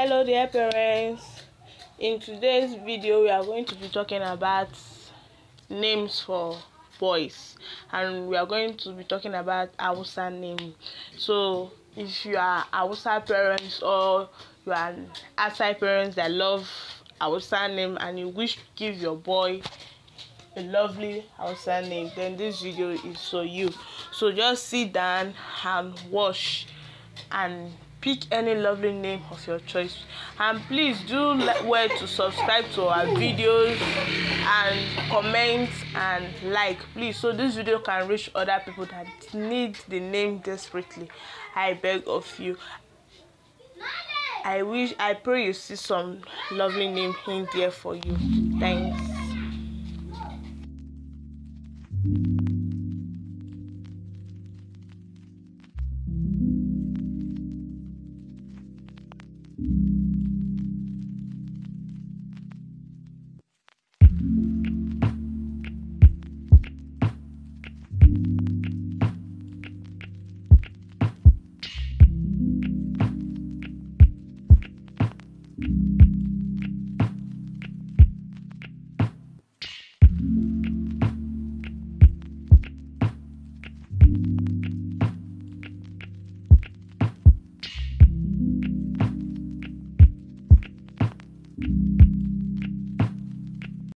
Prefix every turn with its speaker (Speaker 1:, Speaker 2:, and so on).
Speaker 1: hello dear parents in today's video we are going to be talking about names for boys and we are going to be talking about Hausa name so if you are Hausa parents or you are outside parents that love Hausa name and you wish to give your boy a lovely Hausa name then this video is for you so just sit down and watch and pick any lovely name of your choice and please do well to subscribe to our videos and comment and like please so this video can reach other people that need the name desperately i beg of you i wish i pray you see some lovely name in there for you thanks Thank you. Bye.